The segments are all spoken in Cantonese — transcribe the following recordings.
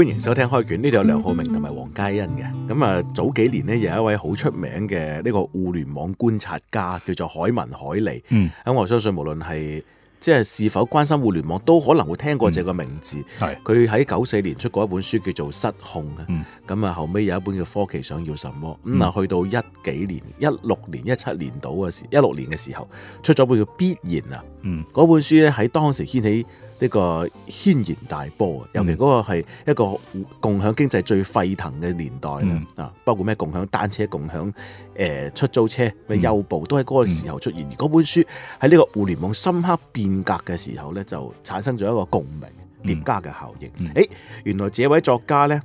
歡迎收聽開卷，呢度有梁浩明同埋黃佳欣嘅。咁啊，早幾年呢，有一位好出名嘅呢個互聯網觀察家，叫做海文海利。嗯，咁我相信無論係即係是，是否關心互聯網，都可能會聽過這個名字。係、嗯，佢喺九四年出過一本書叫做《失控》嘅。咁啊、嗯，後尾有一本叫《科技想要什麼》嗯。咁啊，去到一幾年、一六年、一七年度嘅時，一六年嘅時候，出咗本叫《必然》啊。嗯，嗰本書咧喺當時掀起。呢個軒然大波，尤其嗰個係一個共享經濟最沸騰嘅年代啦，啊、嗯，包括咩共享單車、共享誒、呃、出租車、咩優步都喺嗰個時候出現。嗯、而嗰本書喺呢個互聯網深刻變革嘅時候呢，就產生咗一個共鳴疊加嘅效應。誒、嗯嗯，原來這位作家呢。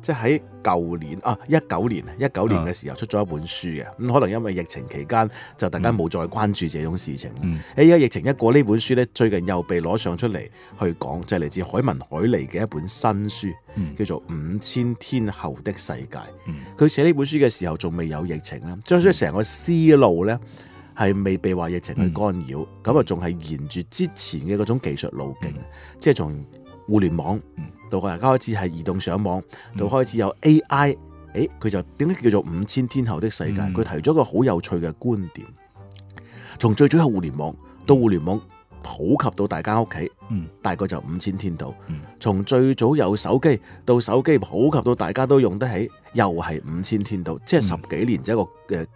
即喺舊年啊，一九年一九年嘅時候出咗一本書嘅，咁可能因為疫情期間就大家冇再關注這種事情。而家、嗯、疫情一過，呢本書咧最近又被攞上出嚟去講，就係、是、嚟自海文海尼嘅一本新書，叫做《五千天後的世界》。佢、嗯、寫呢本書嘅時候仲未有疫情啦，將出成個思路咧係未被話疫情去干擾，咁啊仲係沿住之前嘅嗰種技術路徑，嗯、即係仲。互聯網到大家開始係移動上網，到開始有 AI，誒、欸、佢就點解叫做五千天後的世界？佢、嗯、提咗一個好有趣嘅觀點。從最早有互聯網到互聯網普及到大家屋企，大概就五千天到。嗯、從最早有手機到手機普及到大家都用得起，又係五千天到，即係十幾年一個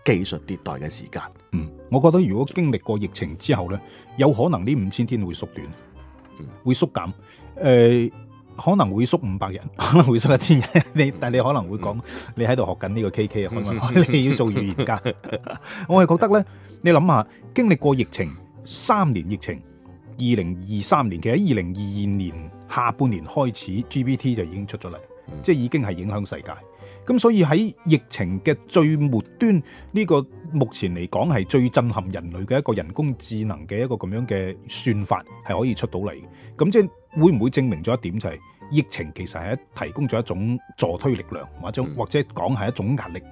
技術迭代嘅時間、嗯。我覺得如果經歷過疫情之後呢，有可能呢五千天會縮短，會縮減。誒、呃，可能會縮五百人，可能會縮一千人。你但係你可能會講，你喺度學緊呢個 K K 啊，你要做預言家。 我係覺得呢，你諗下，經歷過疫情三年，疫情二零二三年，其實二零二二年下半年開始 GPT 就已經出咗嚟，即係已經係影響世界。咁所以喺疫情嘅最末端，呢個目前嚟講係最震撼人類嘅一個人工智能嘅一個咁樣嘅算法係可以出到嚟，咁即係會唔會證明咗一點，就係疫情其實係提供咗一種助推力量，或者或者講係一種壓力。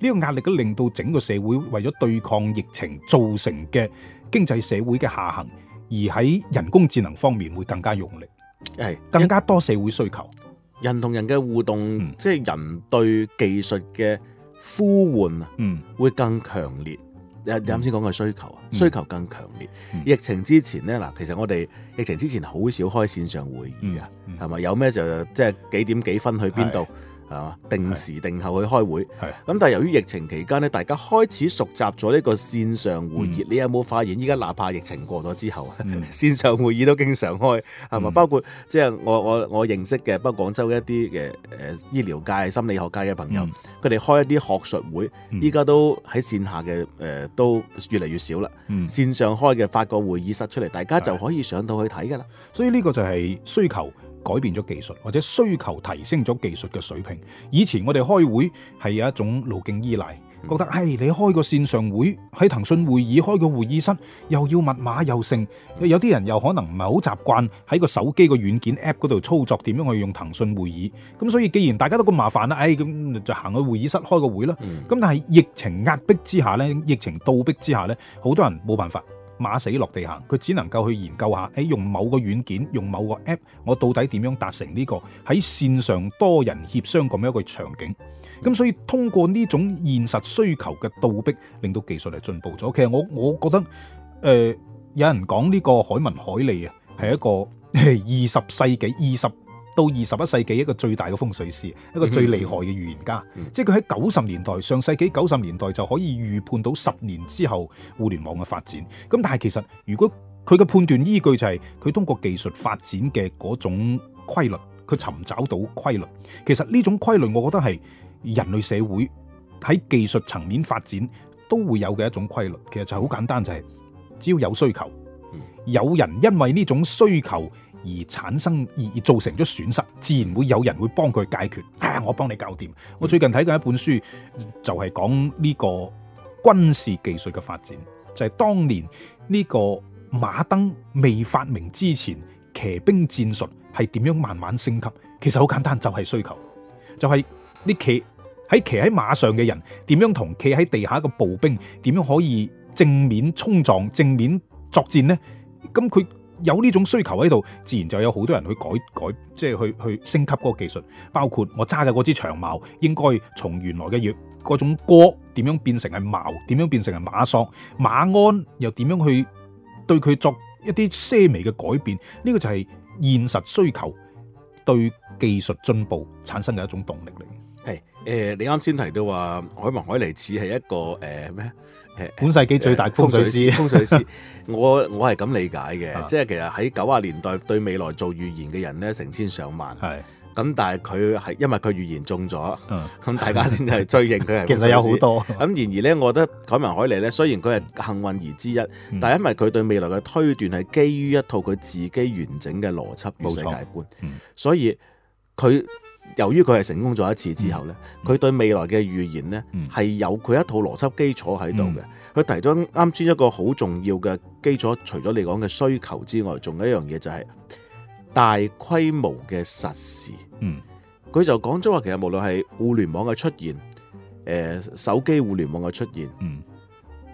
呢個壓力都令到整個社會為咗對抗疫情造成嘅經濟社會嘅下行，而喺人工智能方面會更加用力，更加多社會需求。人同人嘅互動，嗯、即係人對技術嘅呼喚，嗯，會更強烈。你啱先講嘅需求啊，嗯、需求更強烈。嗯、疫情之前咧，嗱，其實我哋疫情之前好少開線上會議啊，係咪、嗯嗯？有咩時候就即係、就是、幾點幾分去邊度？定時定候去開會，咁但係由於疫情期間咧，大家開始熟習咗呢個線上會議。嗯、你有冇發現依家哪怕疫情過咗之後，嗯、 線上會議都經常開係嘛、嗯？包括即係、就是、我我我認識嘅，包括廣州一啲嘅誒醫療界、心理學界嘅朋友，佢哋、嗯、開一啲學術會，依家、嗯、都喺線下嘅誒、呃、都越嚟越少啦。嗯、線上開嘅發個會議室出嚟，大家就可以上到去睇㗎啦。所以呢個就係需求。改變咗技術，或者需求提升咗技術嘅水平。以前我哋開會係有一種路徑依賴，嗯、覺得誒、哎，你開個線上會喺騰訊會議開個會議室，又要密碼又剩，有啲人又可能唔係好習慣喺個手機個軟件 App 嗰度操作點樣去用騰訊會議。咁所以既然大家都咁麻煩啦，唉、哎，咁就行去會議室開個會啦。咁、嗯、但係疫情壓迫之下呢，疫情倒逼之下呢，好多人冇辦法。馬死落地行，佢只能夠去研究一下，誒用某個軟件，用某個 app，我到底點樣達成呢、這個喺線上多人協商咁樣一個場景？咁所以通過呢種現實需求嘅倒逼，令到技術嚟進步咗。其實我我覺得，誒、呃，有人講呢個海文海利啊，係一個二十世紀二十。到二十一世紀一個最大嘅風水師，一個最厲害嘅預言家，嗯嗯、即係佢喺九十年代上世紀九十年代就可以預判到十年之後互聯網嘅發展。咁但係其實如果佢嘅判斷依據就係佢通過技術發展嘅嗰種規律，佢尋找到規律。其實呢種規律，我覺得係人類社會喺技術層面發展都會有嘅一種規律。其實就好簡單，就係、是、只要有需求，有人因為呢種需求。而產生而造成咗損失，自然會有人會幫佢解決。啊，我幫你搞掂。嗯、我最近睇過一本書，就係講呢個軍事技術嘅發展，就係當年呢個馬鐙未發明之前，騎兵戰術係點樣慢慢升級？其實好簡單，就係需求，就係你騎喺騎喺馬上嘅人點樣同騎喺地下嘅步兵點樣可以正面衝撞、正面作戰呢？咁佢。有呢種需求喺度，自然就有好多人去改改，即係去去升級嗰個技術。包括我揸嘅嗰支長矛，應該從原來嘅要嗰種戈點樣變成係矛，點樣變成係馬索馬鞍，又點樣去對佢作一啲些微嘅改變。呢個就係現實需求對技術進步產生嘅一種動力嚟。係誒、hey，呃，你啱先提到話凱文·凱利似係一個誒咩誒本世紀最大風水師、風水師，我我係咁理解嘅， 即係其實喺九十年代對未來做預言嘅人咧成千上萬係，咁 但係佢係因為佢預言中咗，咁 大家先係追認佢係。 其實有好多。咁然而咧，我覺得凱文·凱利咧，雖然佢係幸運兒之一，嗯、但係因為佢對未來嘅推斷係基於一套佢自己完整嘅邏輯與世界觀，嗯、所以佢。由於佢係成功咗一次之後呢，佢、嗯、對未來嘅預言呢係、嗯、有佢一套邏輯基礎喺度嘅。佢、嗯、提咗啱先一個好重要嘅基礎，除咗你講嘅需求之外，仲有一樣嘢就係大規模嘅實時。嗯，佢就講咗話，其實無論係互聯網嘅出現，誒、呃，手機互聯網嘅出現，嗯，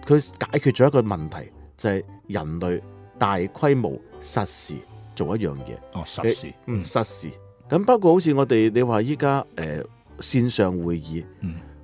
佢解決咗一個問題，就係、是、人類大規模實時做一樣嘢。哦，實時，嗯，實時。咁不過好似我哋你話依家誒，線上會議，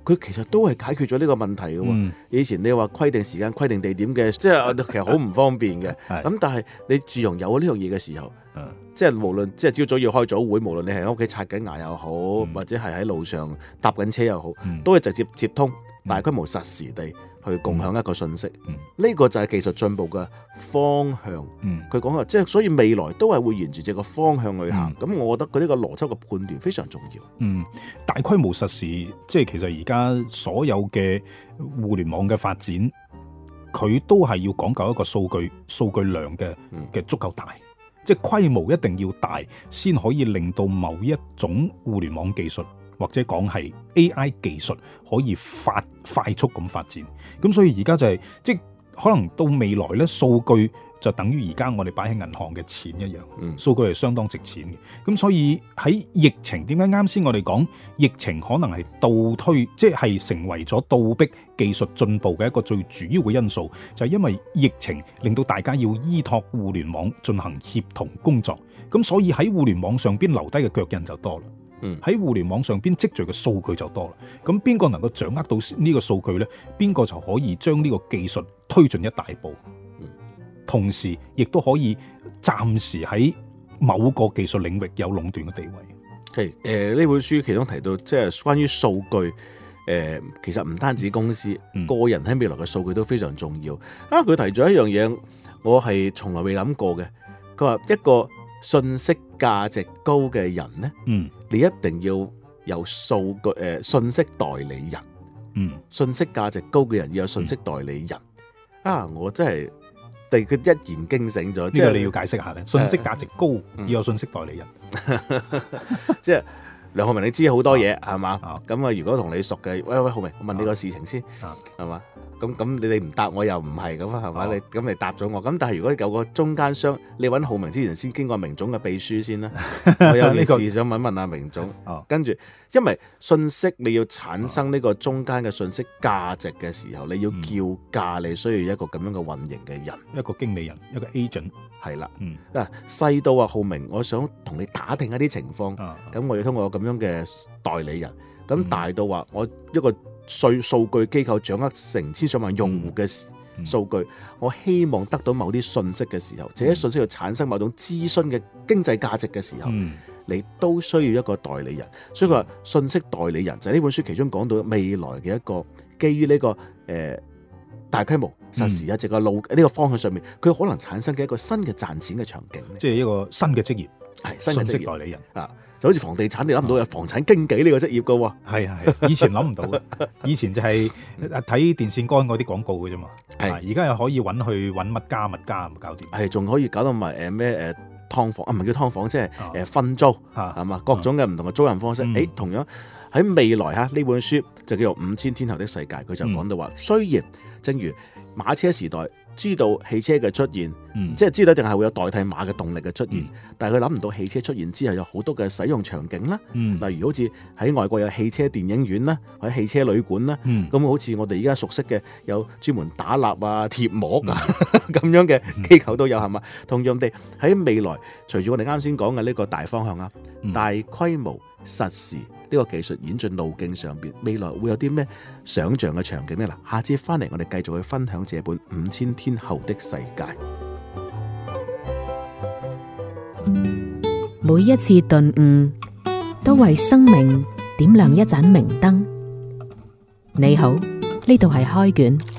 佢、嗯、其實都係解決咗呢個問題喎、啊。嗯、以前你話規定時間、規定地點嘅， 即係其實好唔方便嘅。咁、 嗯、但係你自從有呢樣嘢嘅時候，嗯、即係無論即係朝早要開早會，無論你係喺屋企刷緊牙又好，嗯、或者係喺路上搭緊車又好，嗯、都係直接接通大規模實時地。嗯嗯去共享一個信息，呢、嗯、個就係技術進步嘅方向。佢講話，即係、就是、所以未來都係會沿住這個方向去行。咁、嗯、我覺得佢呢個邏輯嘅判斷非常重要。嗯，大規模實時，即係其實而家所有嘅互聯網嘅發展，佢都係要講究一個數據數據量嘅嘅足夠大，嗯、即係規模一定要大，先可以令到某一種互聯網技術。或者講係 AI 技術可以發快速咁發展，咁所以而家就係即可能到未來呢，數據就等於而家我哋擺喺銀行嘅錢一樣，數據係相當值錢嘅。咁所以喺疫情，點解啱先我哋講疫情可能係倒推，即係成為咗倒逼技術進步嘅一個最主要嘅因素，就係因為疫情令到大家要依託互聯網進行協同工作，咁所以喺互聯網上邊留低嘅腳印就多啦。喺互聯網上邊積聚嘅數據就多啦。咁邊個能夠掌握到呢個數據呢？邊個就可以將呢個技術推進一大步，同時亦都可以暫時喺某個技術領域有壟斷嘅地位。係誒，呢、呃、本書其中提到，即係關於數據誒、呃，其實唔單止公司、嗯、個人喺未來嘅數據都非常重要啊。佢提咗一樣嘢，我係從來未諗過嘅。佢話一個信息價值高嘅人呢。嗯。你一定要有數據誒，信息代理人，嗯，信息價值高嘅人要有信息代理人啊！我真係，但係佢一言驚醒咗，呢個你要解釋下咧。信息價值高要有信息代理人，即係。梁浩明，你知好多嘢係嘛？咁啊，係嘛？啊如果同你熟嘅，喂喂，浩明，我問你個事情先，係嘛、啊？咁咁你你唔答我又唔係咁啊，係嘛？你咁嚟答咗我，咁但係如果有個中間商，你揾浩明之前先經過明總嘅秘書先啦。啊、我有件事想問問阿明總，啊啊、跟住因為信息你要產生呢個中間嘅信息價值嘅時候，你要叫價，你需要一個咁樣嘅運營嘅人，一個經理人，一個 agent，係啦。嗱、嗯，細到啊，浩明，我想同你打聽一啲情況，咁、啊啊、我要通過咁。咁樣嘅代理人，咁大到話我一個數據機構掌握成千上萬用戶嘅數據，嗯嗯、我希望得到某啲信息嘅時候，嗯、這些信息要產生某種諮詢嘅經濟價值嘅時候，嗯、你都需要一個代理人。嗯、所以佢話信息代理人就係、是、呢本書其中講到未來嘅一個基於呢、這個誒、呃、大規模實時一直嘅路呢個方向上面，佢可能產生嘅一個新嘅賺錢嘅場景，即係一個新嘅職業，係信息代理人啊。就好似房地產，你諗唔到有房產經紀呢個職業噶喎。係啊，以前諗唔到㗎， 以前就係睇電線杆嗰啲廣告㗎啫嘛。係的，而家又可以搵去搵乜加乜加，咪搞掂。係，仲可以搞到埋誒咩誒，呃、劏房啊，唔係叫劏房，即係誒分租吓，係嘛、啊，各種嘅唔同嘅租賃方式。誒、嗯，同樣喺未來吓呢本書就叫做《五千天後的世界》，佢就講到話，雖然正如馬車時代，知道汽車嘅出現，嗯、即係知道一定係會有代替馬嘅動力嘅出現，嗯、但係佢諗唔到汽車出現之後有好多嘅使用場景啦，嗯、例如好似喺外國有汽車電影院啦，喺汽車旅館啦，咁、嗯、好似我哋而家熟悉嘅有專門打蠟啊、貼膜啊咁、嗯、樣嘅機構都有係嘛？嗯、同樣地喺未來，隨住我哋啱先講嘅呢個大方向啊，嗯、大規模實時。呢個技術演進路徑上邊，未來會有啲咩想像嘅場景呢？嗱，下次翻嚟我哋繼續去分享這本《五千天後的世界》。每一次頓悟，都為生命點亮一盞明燈。你好，呢度係開卷。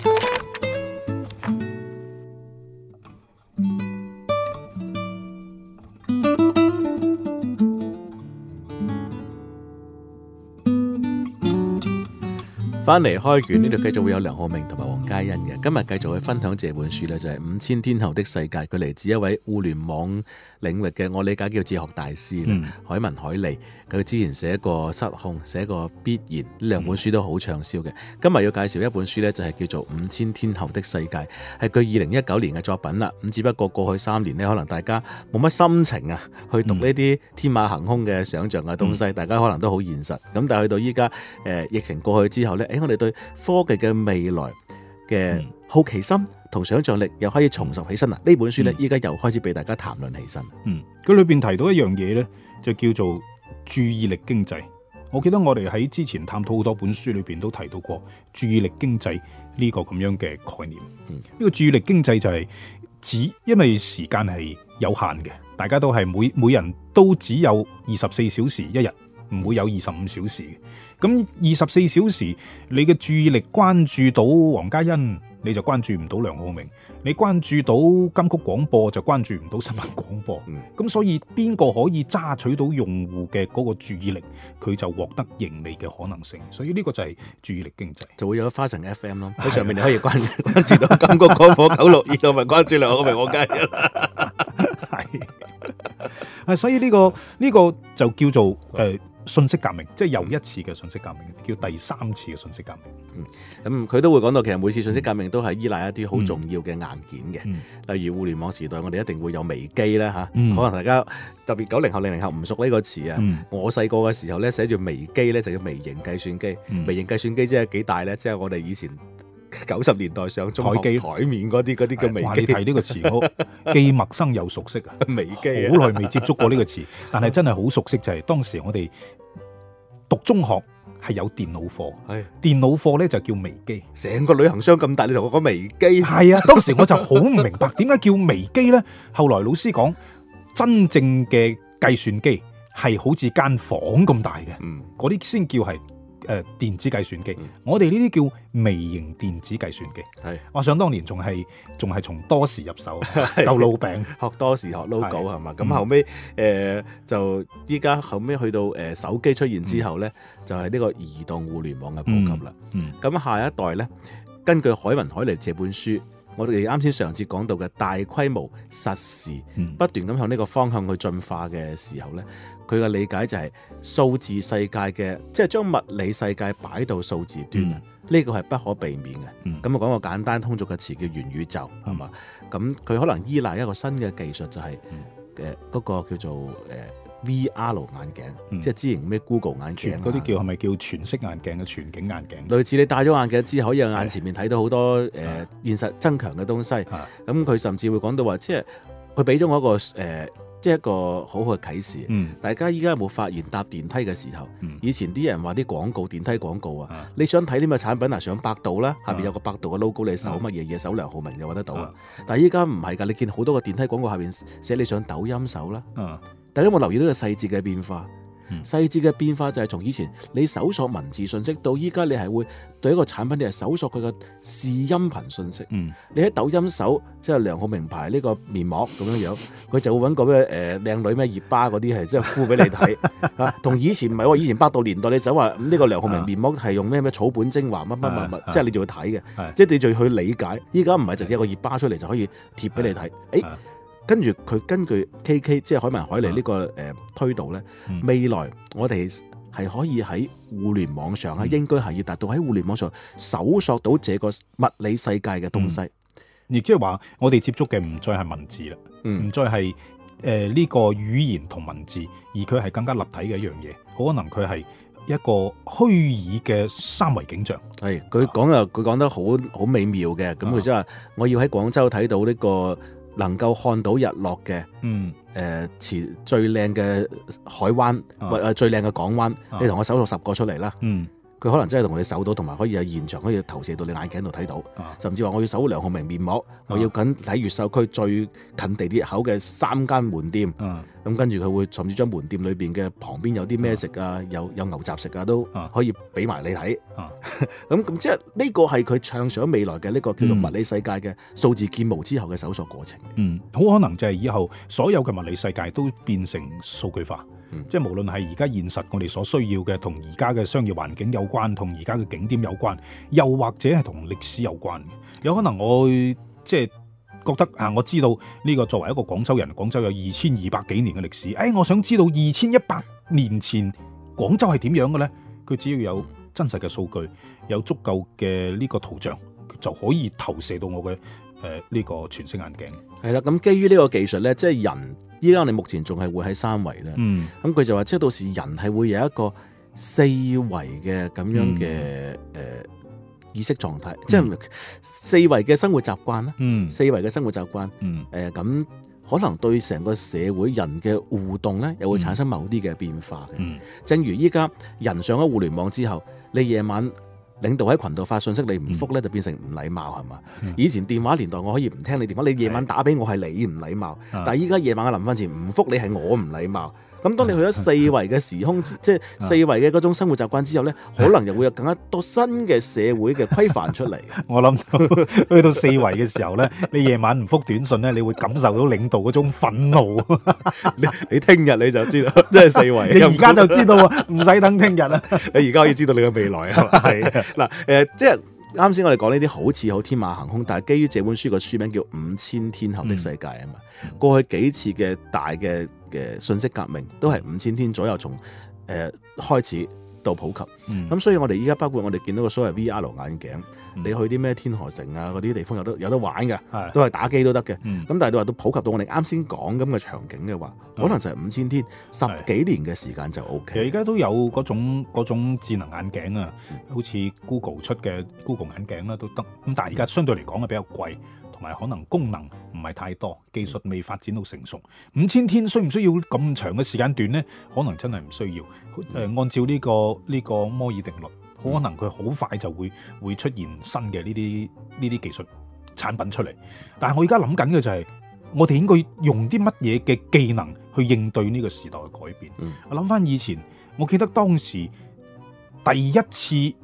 翻嚟開卷呢度繼續會有梁浩明同埋黃嘉欣嘅，今日繼續去分享這本書呢就係、是《五千天後的世界》，佢嚟自一位互聯網領域嘅，我理解叫哲學大師，嗯、海文海利。佢之前寫過《失控》，寫過《必然》，呢兩本書都好暢銷嘅。今日要介紹一本書呢就係、是、叫做《五千天後的世界》，係佢二零一九年嘅作品啦。咁只不過過去三年呢，可能大家冇乜心情啊，去讀呢啲天馬行空嘅想像嘅東西，嗯、大家可能都好現實。咁但係去到依家，誒、呃、疫情過去之後呢。我哋對科技嘅未來嘅好奇心同想象力又可以重拾起身啦！嗯、呢本書呢，依家又開始俾大家談論起身。嗯，佢裏邊提到一樣嘢呢，就叫做注意力經濟。我記得我哋喺之前探討好多本書裏邊都提到過注意力經濟呢個咁樣嘅概念。嗯，呢個注意力經濟就係指，因為時間係有限嘅，大家都係每每人都只有二十四小時一日。唔會有二十五小時，咁二十四小時，你嘅注意力關注到黃家欣，你就關注唔到梁浩明；你關注到金曲廣播，就關注唔到新聞廣播。咁、嗯、所以邊個可以揸取到用戶嘅嗰個注意力，佢就獲得盈利嘅可能性。所以呢個就係注意力經濟，就會有花城 FM 咯。喺上面你可以關注到金曲廣播九六二，同埋關注梁浩明黃家欣。係、 啊、所以呢、呢個呢、呢個就叫做、呃信息革命，即係又一次嘅信息革命，叫第三次嘅信息革命。嗯，咁、嗯、佢都會講到，其實每次信息革命都係依賴一啲好重要嘅硬件嘅，嗯、例如互聯網時代，我哋一定會有微機啦吓、嗯、可能大家特別九零後、零零後唔熟呢個詞啊。嗯、我細個嘅時候咧，寫住微機咧，就叫微型計算機。嗯、微型計算機即係幾大咧？即、就、係、是、我哋以前。九十年代上中學，台機台面嗰啲啲叫微機，係呢個詞好， 既陌生又熟悉，微機啊！微機好耐未接觸過呢個詞， 但係真係好熟悉，就係、是、當時我哋讀中學係有電腦課，係的電腦課呢就叫微機，成個旅行箱咁大，你同我講微機？係啊！當時我就好唔明白點解叫微機呢。後來老師講，真正嘅計算機係好似間房咁大嘅，嗰啲先叫係。誒、呃、電子計算機，嗯、我哋呢啲叫微型電子計算機。係我、嗯、想當年仲係仲係從多時入手，夠是老餅學多時學 logo 係嘛是？咁後尾，誒、嗯呃、就依家後尾去到誒、呃、手機出現之後呢，嗯、就係呢個移動互聯網嘅普及啦。咁、嗯嗯、下一代呢，根據海文海嚟這本書，我哋啱先上次講到嘅大規模實時、嗯、不斷咁向呢個方向去進化嘅時候呢。佢嘅理解就係、是、數字世界嘅，即係將物理世界擺到數字端，呢個係不可避免嘅。咁我講個簡單通俗嘅詞叫元宇宙，係嘛、嗯？咁佢可能依賴一個新嘅技術、就是，就係誒嗰個叫做誒、呃、VR 眼鏡，嗯、即係之前咩 Google 眼鏡眼？嗰啲叫係咪叫全色眼鏡嘅、啊、全景眼鏡、啊？類似你戴咗眼鏡之後，可以喺眼前面睇到好多誒的、呃、現實增強嘅東西。咁佢的、嗯嗯、甚至會講到話，即係佢俾咗我一個誒。呃即係一個很好好嘅啟示，嗯、大家依家有冇發現搭電梯嘅時候，嗯、以前啲人話啲廣告電梯廣告啊，你想睇啲乜產品啊，上百度啦、啊，下邊有個百度嘅 logo，你搜乜嘢嘢，啊、搜梁浩明就揾得到啊。但係依家唔係㗎，你見好多個電梯廣告下邊寫你上抖音搜啦、啊，啊、大家有冇留意到個細節嘅變化？嗯、細節嘅變化就係從以前你搜索文字信息，到依家你係會對一個產品你係搜索佢嘅視音頻信息。嗯，你喺抖音搜，即係梁浩明牌呢個面膜咁樣樣，佢 就會揾個咩誒靚女咩熱巴嗰啲係即係敷俾你睇同、 啊、以前唔係，以前百度年代你搜話呢個梁浩明面膜係用咩咩草本精華乜乜乜乜，即係、啊、你要、啊、就要睇嘅，即係你就要去理解。依家唔係直接一個熱巴出嚟就可以貼俾你睇，哎、啊。跟住佢根據 KK 即係凱文凱利呢個推導呢、嗯嗯、未來我哋係可以喺互聯網上咧，嗯、應該係要達到喺互聯網上搜索到這個物理世界嘅東西，亦即係話我哋接觸嘅唔再係文字啦，唔、嗯、再係呢、呃這個語言同文字，而佢係更加立體嘅一樣嘢，可能佢係一個虛擬嘅三維景象。係佢講啊，佢講得好好美妙嘅，咁佢即係話我要喺廣州睇到呢、這個。能夠看到日落嘅，嗯，誒前、呃、最靚嘅海灣、啊、或最靚嘅港灣，啊、你同我搜索十個出嚟啦。嗯。佢可能真係同你搜到，同埋可以喺現場可以投射到你眼鏡度睇到，啊、甚至話我要搜梁浩明面膜，啊、我要緊喺越秀區最近地鐵口嘅三間門店，咁跟住佢會甚至將門店裏邊嘅旁邊有啲咩食啊，啊有有牛雜食啊，都可以俾埋你睇。咁咁、啊啊、 即係呢、這個係佢暢想未來嘅呢、這個叫做物理世界嘅數、嗯、字建模之後嘅搜索過程。嗯，好可能就係以後所有嘅物理世界都變成數據化。即係無論係而家現實我哋所需要嘅，同而家嘅商業環境有關，同而家嘅景點有關，又或者係同歷史有關。有可能我即係、就是、覺得啊，我知道呢個作為一個廣州人，廣州有二千二百幾年嘅歷史。誒、哎，我想知道二千一百年前廣州係點樣嘅呢？佢只要有真實嘅數據，有足夠嘅呢個圖像，就可以投射到我嘅。誒，呢個全息眼鏡係啦，咁基於呢個技術咧，即係人依家我哋目前仲係會喺三維啦，嗯，咁佢就話，即係到時人係會有一個四維嘅咁樣嘅誒、嗯呃、意識狀態，嗯、即係四維嘅生活習慣啦，嗯，四維嘅生活習慣，嗯，誒，咁、嗯呃、可能對成個社會人嘅互動咧，又會產生某啲嘅變化嘅，嗯、正如依家人上咗互聯網之後，你夜晚。領導喺群度發信息，你唔復咧就變成唔禮貌係嘛？以前電話年代我可以唔聽你電話，你夜晚打俾我係你唔禮貌，但係依家夜晚臨瞓前唔復你係我唔禮貌。咁當你去咗四維嘅時空，即係四維嘅嗰種生活習慣之後呢，可能又會有更加多新嘅社會嘅規範出嚟。 我諗去到四維嘅時候呢，你夜晚唔覆短信呢，你會感受到領導嗰種憤怒。 你你聽日你就知道，真係四維。 你而家就知道，唔使 等聽日啊！你而家可以知道你嘅未來啊！係嗱 的，誒，即係啱先我哋講呢啲好似好天馬行空，但係基於這本書個書名叫《五千天後的世界》啊嘛，嗯、過去幾次嘅大嘅。嘅信息革命都係五千天左右，從、呃、開始到普及，咁、嗯、所以我哋依家包括我哋見到個所謂 VR 眼鏡，嗯、你去啲咩天河城啊嗰啲地方有得有得玩嘅，是都係打機都得嘅。咁、嗯、但係你話到普及到我哋啱先講咁嘅場景嘅話，嗯、可能就係五千天的十幾年嘅時間就 OK。而家都有嗰種嗰種智能眼鏡啊，嗯、好似 Google 出嘅 Google 眼鏡啦、啊、都得，咁但係而家相對嚟講，係比較貴。同埋可能功能唔係太多，技術未發展到成熟。五千天需唔需要咁長嘅時間段咧？可能真係唔需要。誒、呃、按照呢個呢個摩爾定律，很可能佢好快就會會出現新嘅呢啲呢啲技術產品出嚟。但係我而家諗緊嘅就係我哋應該用啲乜嘢嘅技能去應對呢個時代嘅改變。嗯、我諗翻以前，我記得當時第一次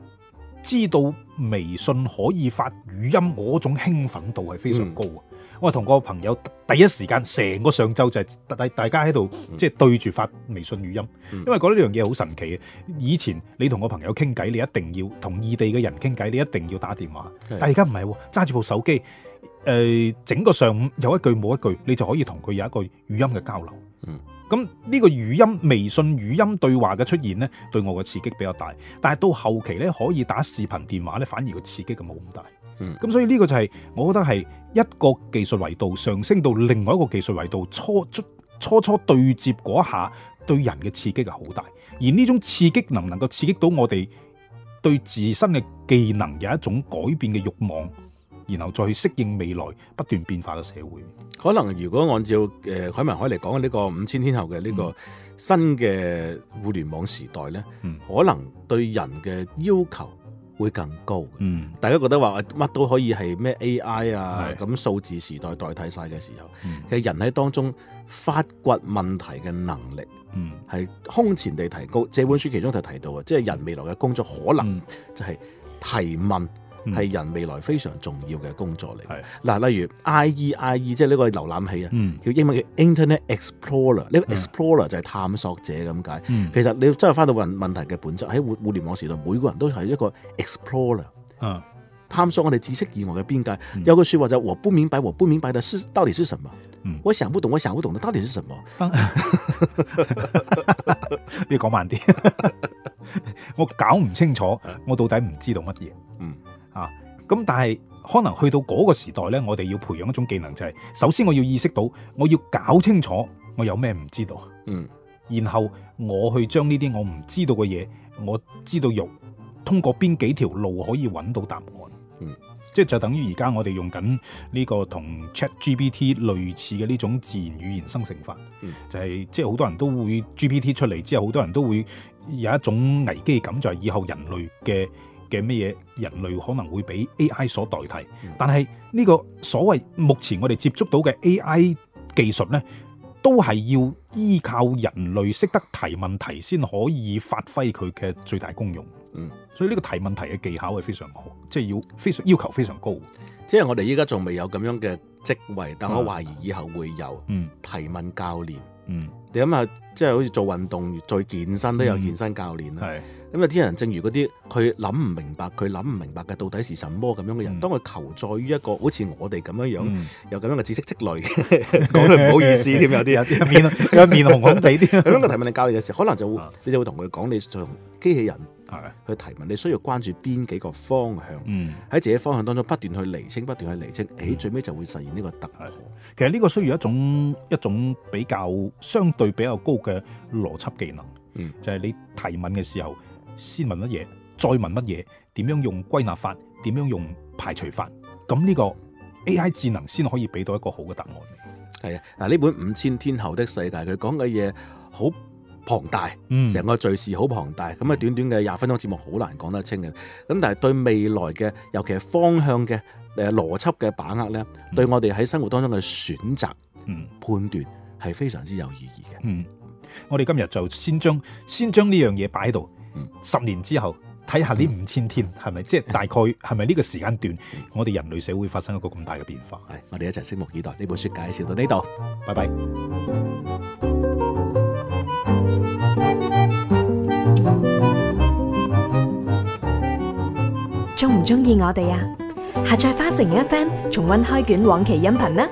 知道。微信可以發語音，我種興奮度係非常高嘅，嗯、我同個朋友第一時間成個上晝就係大大家喺度即係對住發微信語音，嗯、因為覺得呢樣嘢好神奇嘅。以前你同個朋友傾偈，你一定要同異地嘅人傾偈，你一定要打電話，的但係而家唔係，揸住部手機，誒、呃、整個上午有一句冇一句，你就可以同佢有一個語音嘅交流。嗯咁呢個語音微信語音對話嘅出現呢，對我嘅刺激比較大，但係到後期呢，可以打視頻電話呢，反而個刺激就冇咁大。嗯，咁所以呢個就係我覺得係一個技術維度上升到另外一個技術維度初初初對接嗰下，對人嘅刺激係好大。而呢種刺激能唔能夠刺激到我哋對自身嘅技能有一種改變嘅慾望？然後再去適應未來不斷變化嘅社會，可能如果按照誒許、呃、文海嚟講呢個五千天後嘅呢個新嘅互聯網時代呢、嗯、可能對人嘅要求會更高。嗯，大家覺得話乜、啊、都可以係咩 AI 啊咁數是字時代代，代替晒嘅時候，嗯、其實人喺當中發掘問題嘅能力，嗯，係空前地提高。嗯、這本書其中就提到嘅，即、就、係、是、人未來嘅工作可能就係提問。嗯係人未來非常重要嘅工作嚟。嗱的，例如 IE、IE，即係呢個瀏覽器啊，嗯、叫英文叫 Internet Explorer、嗯。呢個 Explorer 就係探索者咁解。嗯、其實你真係翻到問問題嘅本質喺互互聯網時代，每個人都係一個 Explorer。嗯，探索我哋知識以外嘅邊界。嗯、有個説話就係、是：我不明白，我不明白的是到底係什麼？嗯、我想不懂，我想不懂的到底係什麼？你講、嗯、 慢啲。 我搞唔清楚，我到底唔知道乜嘢？嗯。咁但係可能去到嗰個時代呢，我哋要培養一種技能、就係，就係首先我要意識到，我要搞清楚我有咩唔知道，嗯，然後我去將呢啲我唔知道嘅嘢，我知道用通過邊幾條路可以揾到答案，嗯、即係就等於而家我哋用緊呢個同 ChatGPT 類似嘅呢種自然語言生成法，嗯、就係、係、即係好多人都會 GPT 出嚟之後，好多人都會有一種危機感，就係以後人類嘅。嘅咩嘢人類可能會俾 AI 所代替，但係呢個所謂目前我哋接觸到嘅 AI 技術呢，都係要依靠人類識得提問題先可以發揮佢嘅最大功用。嗯，所以呢個提問題嘅技巧係非常好，即係要非常要求非常高。即係我哋依家仲未有咁樣嘅職位，但我懷疑以後會有。嗯，提問教練。嗯，嗯，你諗下，即係好似做運動、做健身都有健身教練啦。嗯咁有啲人，正如嗰啲佢諗唔明白，佢諗唔明白嘅到底係什麼咁樣嘅人，當佢求助於一個好似我哋咁樣樣有咁樣嘅知識積累，講嚟唔好意思添，有啲有啲面有面紅紅地啲咁樣嘅提問你教嘅時候，可能就會你就會同佢講，你從機器人去提問，你需要關注邊幾個方向，喺自己方向當中不斷去釐清，不斷去釐清，喺最尾就會實現呢個突破。其實呢個需要一種一種比較相對比較高嘅邏輯技能，就係你提問嘅時候。先問乜嘢，再問乜嘢，點樣用歸納法，點樣用排除法，咁呢個 A I 智能先可以俾到一個好嘅答案嘅。係啊，嗱呢本《五千天後的世界》，佢講嘅嘢好龐大，成個敘事好龐大，咁啊、嗯、短短嘅廿分鐘節目好難講得清嘅。咁、嗯、但係對未來嘅，尤其係方向嘅誒邏輯嘅把握咧，嗯、對我哋喺生活當中嘅選擇、嗯、判斷係非常之有意義嘅。嗯，我哋今日就先將先將呢樣嘢擺喺度。嗯、十年之後睇下呢五千天係咪，即係 大概係咪呢個時間段，我哋人類社會發生一個咁大嘅變化。係，我哋一齊拭目以待。呢本書介紹到呢度，拜拜。中唔中意我哋啊？下載花城 FM 重溫開卷往期音頻啦！